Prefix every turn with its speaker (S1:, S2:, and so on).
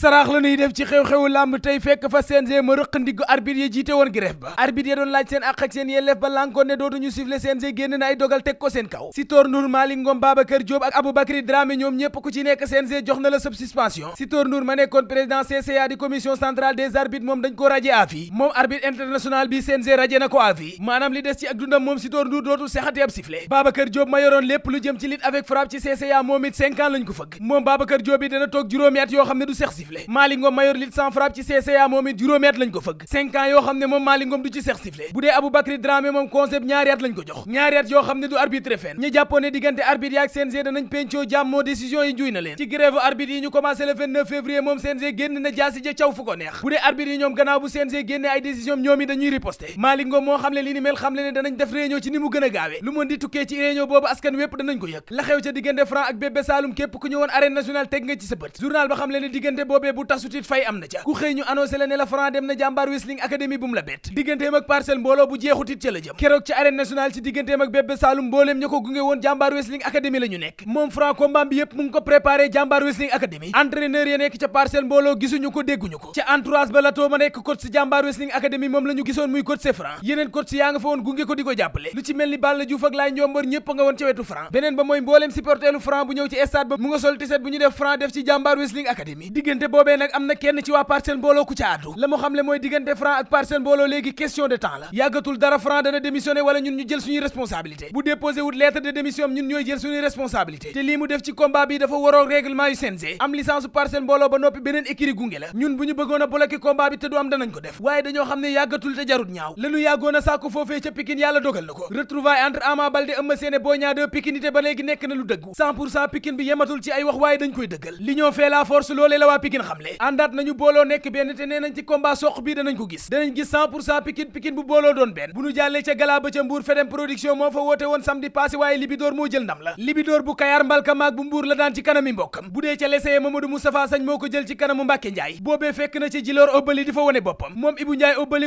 S1: saraax la ñuy def ci xew-xewu làmb tey fekk fa CNG ma rëq ndiggu arbitre yi jiite woon grève ba arbitre ya doon laaj seen àq seen yelleef ba lànkoon ne dootuñu siffler CNG génn na ay dogal teg ko seen kaw Sitor Ndour Malick Ngom Babacar Diop ak Aboubacry Dramé ñoom ñépp ku ci nekk CNG jox na la sub suspension Sitor Ndour ma nekkoon président CCA di commission centrale des arbitres moom dañ ko radié à vie moom arbitre international bi CNG radié na ko à vie maanaam li des ci lu jëm ci lutte avec frappe ci CCA moom it yoo xam ne du sex sifflet sifflet mayor lit sans frappe ci CCA moom it juróomi at lañ ko fëgg cinq ans yoo xam ne moom Malick du ci seex sifflet bu dee Aboubacry Dramé moom concept ñaari at ko jox ñaari yoo xam ne du arbitre fen ñi jàppoon ne diggante arbitre yaak CNG danañ pencoo jàmmoo décision yi juy na leen ci grève arbitre yi ñu commencé le 29 février moom CNG génn na jaasi ja caw fu ko neex bu dee arbitre yi ñoom gannaaw bu CNG génne ay décision boobee bu tasutit fay am na ca ku xëy ñu annoncé la ne la Franc dem na jàmbaar wrestling académie bu mu la bett digganteem ak mbooloo bu jeexutit ca la jëm keroog ci arène nationale ci digganteem ak bébé Saloum mbooleem ña gunge woon jàmbaar wrestling académie la ñu ca parcelle mbooloo gisuñu ko dégguñu ko ca entourage ba la too ma nekk coach si jàmbaar wrestling académie moom la gisoon muy coach si Franc yeneen coach si yaa nga fa woon gunge ko di boobee nag am na kenn ci waa parcelle mbooloo ku ca àddu la mu xam le mooy diggante franc ak mbooloo léegi question de temps la yàggatul dara franc dana démissionné wala ñun ñu jël suñuy responsabilité bu déposé wut lettre de démission ñun ñooy jël suñuy responsabilité te lii mu def ci combat bi dafa waroo règlement yu CNG am licence parcelle mbooloo ba noppi beneen écurie gunge la ñun bu ñu bëggoon a bloqué bi te du am danañ ñu ngeen xamle àndaat nañu booloo nekk benn te nee ci combat soq bii danañ ko gis danañ gis 100 pour cent pikine pikine bu booloo doon benn bu ñu jàllee ca galaa ca mbuur fedem production moo fa woote woon samedi passé waaye libidoor moo jël ndam la libidoor bu kayaar mbalka maag bu mbuur la daan ci kanami mbokkam bu dee ca leseye mamadou moustapha sañ moo ko jël ci kanamu mbàkke njaay boobee fekk na ci jiloor obbali di fa wone boppam moom ibu njaay obbali